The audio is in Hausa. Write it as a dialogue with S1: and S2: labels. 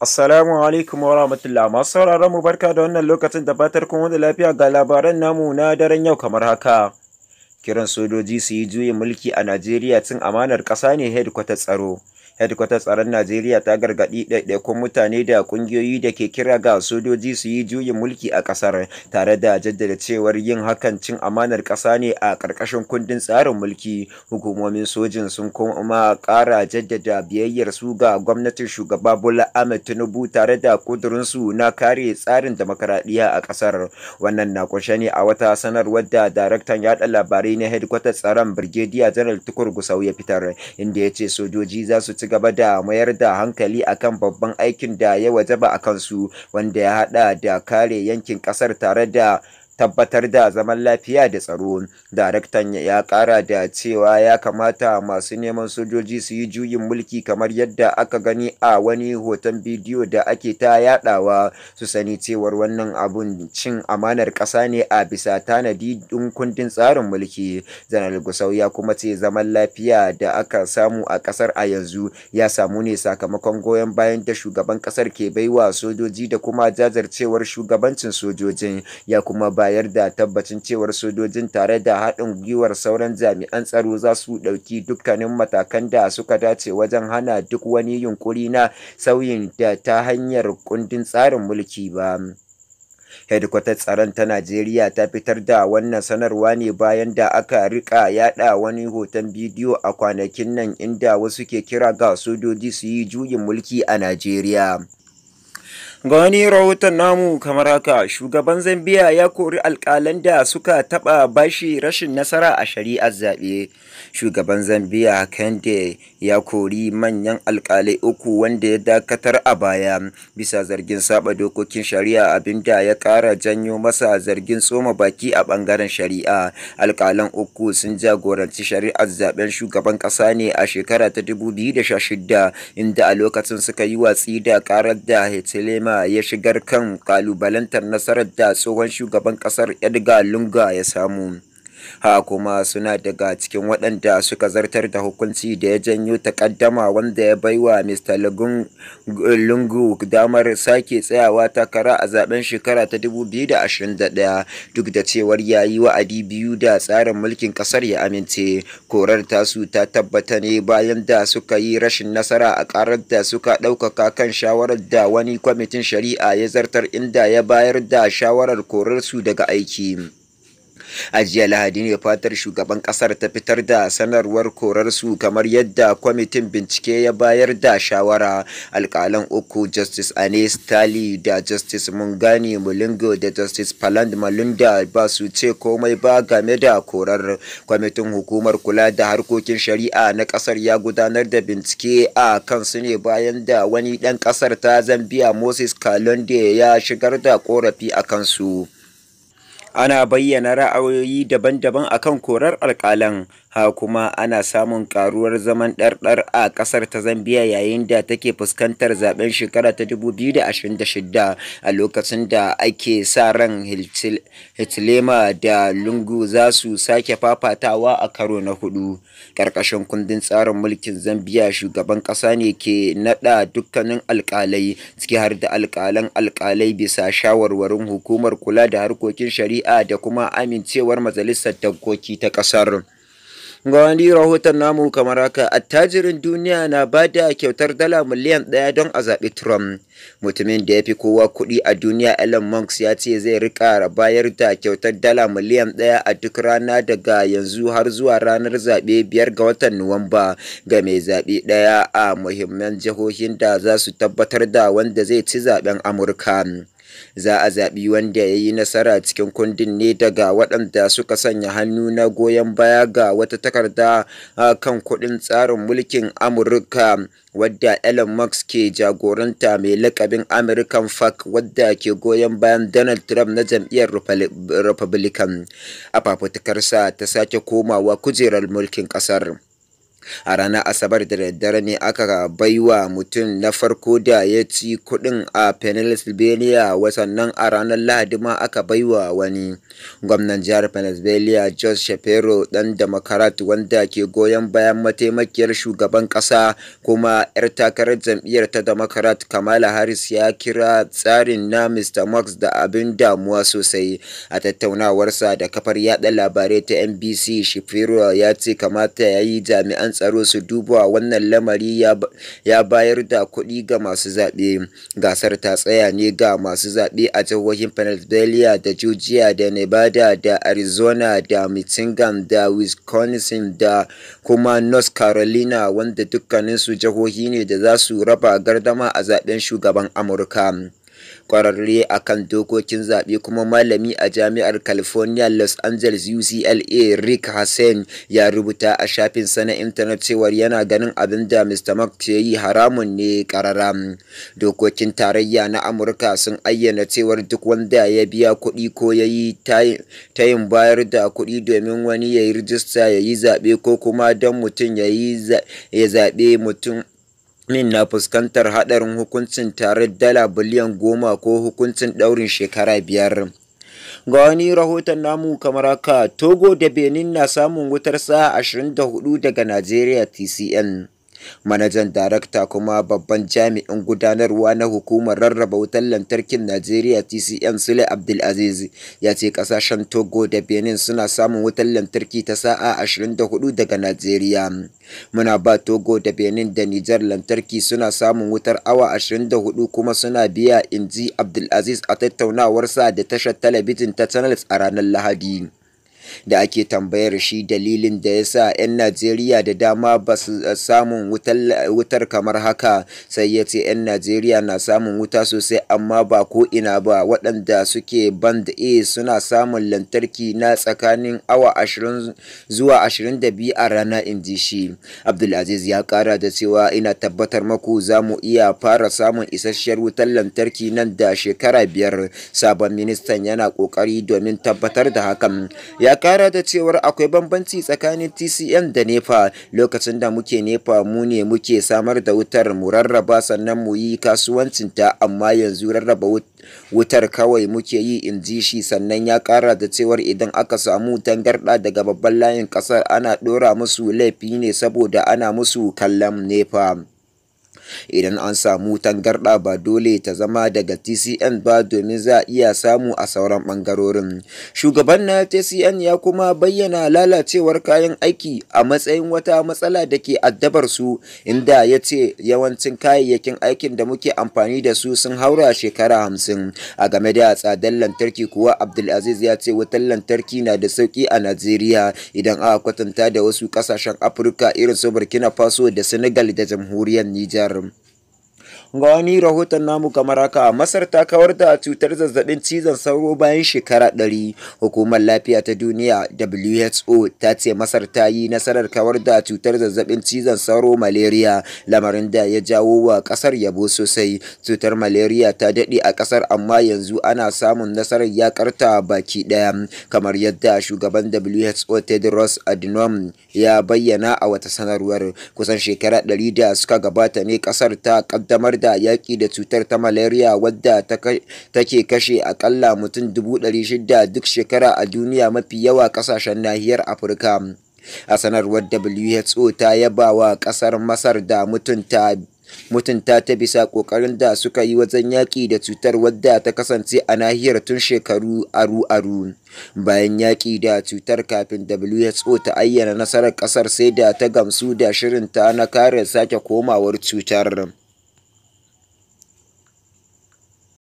S1: Assalamu alaikum wa rahmatullah masu sauraron mu barka da wannan lokacin da fatar kuma da lafiya ga labaran namu na daren yau kamar haka. Kiran sojoji su yi juyin mulki a Najeriya tun amanar ƙasa ne headquarter tsaro. Hedkwatar tsaron Najeriya ta gargaɗi ɗaiɗaikun mutane da ƙungiyoyi da ke kira ga sojoji su yi juyin mulki a ƙasar tare da jaddada cewar yin hakan cin amanar ƙasa ne a ƙarƙashin kundin tsarin mulki. Hukumomin sojin sun kuma ƙara jaddada biyayyar su ga gwamnatin shugaba Bola Ahmed Tinubu tare da ƙudurinsu na kare tsarin demokaradiyya a ƙasar. Wannan na kunshe ne a wata sanarwar da daraktan yaɗa labarai na hedkwatar tsaron Birgediya Janar Tukur Gusau ya fitar inda ya ce sojoji za su ci gaba da mayar da hankali akan babban aikin da ya wajaba a kansu wanda ya hada da kare yankin kasar tare da tabbatar da zaman lafiya da tsaro daraktan ya kara da cewa ya kamata masu neman sojoji su yi juyin mulki kamar yadda aka gani a wani hoton bidiyo da ake ta yadawa su sani cewar wannan abun cin amanar ƙasa ne a bisa tanadi din kundin tsarin mulki janar gusau ya kuma ce zaman lafiya da aka samu a ƙasar a yanzu ya samu ne sakamakon goyon bayan da shugaban ƙasar ke baiwa sojoji da kuma jajircewar shugabancin sojojin ya kuma bayan bayar da tabbacin cewar sojojin tare da haɗin gwiwar sauran jami'an tsaro za su ɗauki dukkanin matakan da suka dace wajen hana duk wani yunkuri na sauyin da ta hanyar kundin tsarin mulki ba. hedkwatar tsaron ta najeriya ta fitar da wannan sanarwa ne bayan da aka rika yada wani hoton bidiyo a kwanakin nan inda wasu ke kira ga sojoji su yi juyin mulki a najeriya Ga wani rahoton namu kamar haka, shugaban Zambia ya kori alƙalan da suka taɓa bashi rashin nasara a shari'ar zaɓe. Shugaban Zambiya Kande ya kori manyan alƙalai uku wanda ya dakatar a baya bisa zargin saba dokokin shari'a abinda ya ƙara janyo masa zargin tsoma baki a ɓangaren shari'a. Alƙalan uku sun jagoranci shari'ar zaɓen shugaban ƙasa ne a shekara ta 2016 inda a lokacin suka yi watsi da ƙarar da hitilema Obama ya shigar kan kalubalantar nasarar da tsohon shugaban ƙasar Edgar Lunga ya samu. ha kuma suna daga cikin waɗanda suka zartar da hukunci da ya janyo takaddama wanda ya baiwa Mr. Lungu damar sake tsayawa takara a zaben shekara ta 2021 duk da cewar yayi wa'adi biyu da tsarin mulkin kasar ya amince korar tasu ta tabbata ne bayan da suka yi rashin nasara a karar da suka ɗaukaka kan shawarar da wani kwamitin shari'a ya zartar inda ya bayar da shawarar korarsu daga aiki. a jiya lahadi ne fatar shugaban kasar ta fitar da sanarwar korarsu kamar yadda kwamitin bincike ya bayar da shawara alkalan uku justice anes tali da justice mungani mulingo da justice paland malunda ba su ce komai ba game da korar kwamitin hukumar kula da harkokin shari'a na kasar ya gudanar da bincike a kansu ne bayan da wani ɗan kasar ta zambia moses kalonde ya shigar da korafi a kansu ana bayyana ra'ayoyi daban-daban akan korar alkalan ha kuma ana samun karuwar zaman ɗarɗar a ƙasar ta zambiya yayin da take fuskantar zaben shekara ta 2026 a lokacin da ake sa ran hitlema da lungu za su sake fafatawa a karo na hudu ƙarƙashin kundin tsarin mulkin zambiya shugaban ƙasa ne ke naɗa dukkanin alƙalai ciki har da alkalan alƙalai bisa shawarwarin hukumar kula da harkokin shari'a shari'a da kuma amincewar majalisar dokoki ta kasar. ga wani rahoton namu kamar haka attajirin duniya na ba da kyautar dala miliyan ɗaya don a zaɓi trump mutumin da ya fi kowa kuɗi a duniya elon musk ya ce zai rika bayar da kyautar dala miliyan ɗaya a duk rana daga yanzu har zuwa ranar zaɓe biyar ga watan nuwamba ga mai zaɓe ɗaya a muhimman jihohin da za su tabbatar da wanda zai ci zaɓen amurka Za a zaɓi wanda ya yi nasara cikin kundin ne daga waɗanda suka sanya hannu na goyon baya ga wata takarda kan kuɗin tsarin mulkin Amurka wadda Elon Musk ke jagoranta mai lakabin American fark wadda ke goyon bayan Donald Trump na jam'iyyar Republican a fafutukarsa ta sake komawa kujerar mulkin ƙasar. a ranar asabar da daddare ne aka baiwa mutum na farko da ya ci kudin a pennsylvania wasannan a ranar lahadi ma aka baiwa wani gwamnan jihar pennsylvania george shapiro dan democrat wanda ke goyon bayan mataimakiyar shugaban kasa kuma 'yar takarar jam'iyyar ta democrat kamala harris ya kira tsarin na mr max da abin damuwa sosai a tattaunawarsa da kafar yada labarai ta nbc shapiro ya ce kamata ya yi jami'an tsaro su duba wannan lamari ya bayar da kuɗi ga masu zaɓe gasar ta tsaya ne ga masu zaɓe a jihohin pennsylvania da georgia da nevada da arizona da michigan da wisconsin da kuma north carolina wanda dukkaninsu jihohi ne da za su raba gardama a zaɓen shugaban amurka kwararre a kan dokokin zaɓe kuma malami a jami'ar california los angeles ucla rick hassan ya rubuta a shafin sana intanet cewar yana ganin abin da mr mark ke yi haramun ne karara dokokin tarayya na amurka sun ayyana cewar duk wanda ya biya kuɗi ko ya yi tayin bayar da kuɗi domin wani ya yi rijista ya yi zaɓe ko kuma don mutum ya yi zaɓe mutum Min na fuskantar haɗarin hukuncin tare dala biliyan goma ko hukuncin ɗaurin shekara biyar. ga wani rahoton namu kamar haka togo da benin na samun wutar sa'a 24 daga najeriya tcn Manajan darakta kuma babban jami'in gudanarwa na Hukumar Rarraba Wutar Lantarkin Najeriya (TCN) Sule Abdulaziz ya ce ƙasashen Togo da Benin suna samun wutar lantarki ta sa'a 24 daga Najeriya. Muna ba Togo da Benin da Nijar lantarki suna samun wutar awa 24 kuma suna biya, in ji Abdulaziz a tattaunawar sa da tashar talabijin ta Channels a ranar Lahadi. da ake tambayar shi dalilin da ya sa 'yan Najeriya da dama ba su eh, samun wutar kamar haka sai ya ce 'yan Najeriya na samun wuta sosai amma ba ko ina ba waɗanda suke band A suna samun lantarki na tsakanin awa 20 zuwa 22 a rana in ji shi. Abdulaziz ya kara da cewa ina tabbatar maku za mu iya fara samun isasshiyar wutar lantarki nan da shekara biyar sabon ministan yana ƙoƙari domin tabbatar da hakan ya kara da cewar akwai bambanci tsakanin TCM da nepa lokacin da muke nepa mu ne muke samar da wutar mu rarraba sannan mu yi ta amma yanzu rarraba wutar kawai muke yi in ji shi sannan ya kara da cewar idan aka samu tangarɗa daga babban layin ƙasar ana ɗora musu laifi ne saboda ana musu kallon nepa idan an samu tangarɗa ba dole ta zama daga tcn ba domin za a iya samu a sauran ɓangarorin shugaban na tcn ya kuma bayyana lalacewar kayan aiki a matsayin wata matsala da ke addabar su inda ya ce yawancin kayayyakin aikin da muke amfani da su sun haura shekara hamsin a game da tsadar lantarki kuwa abdulaziz ya ce wutar lantarki na da sauki a najeriya idan aka kwatanta da wasu ƙasashen afirka irin su burkina faso da senegal da jamhuriyar nijar ga rahoton namu kamar haka masar ta kawar da cutar zazzabin cizon sauro bayan shekara ɗari hukumar lafiya ta duniya who ta ce masar ta yi nasarar kawar da cutar zazzabin cizon sauro malaria lamarin da ya jawo wa ƙasar yabo sosai cutar malaria ta daɗe a ƙasar amma yanzu ana samun nasarar ya karta baki ɗaya kamar yadda shugaban who tedros adhanom ya bayyana a wata sanarwar kusan shekara ɗari da suka gabata ne ƙasar ta ƙaddamar da yaƙi da cutar ta malaria wadda take kashe akalla mutum 600 duk shekara a duniya mafi yawa ƙasashen nahiyar afirka a sanarwar who ta yaba wa ƙasar masar da mutunta mutunta ta bisa ƙoƙarin da suka yi wajen yaƙi da cutar wadda ta kasance a nahiyar tun shekaru aru-aru bayan yaƙi da cutar kafin who ta ayyana nasarar ƙasar sai da ta gamsu da shirinta na kare sake komawar cutar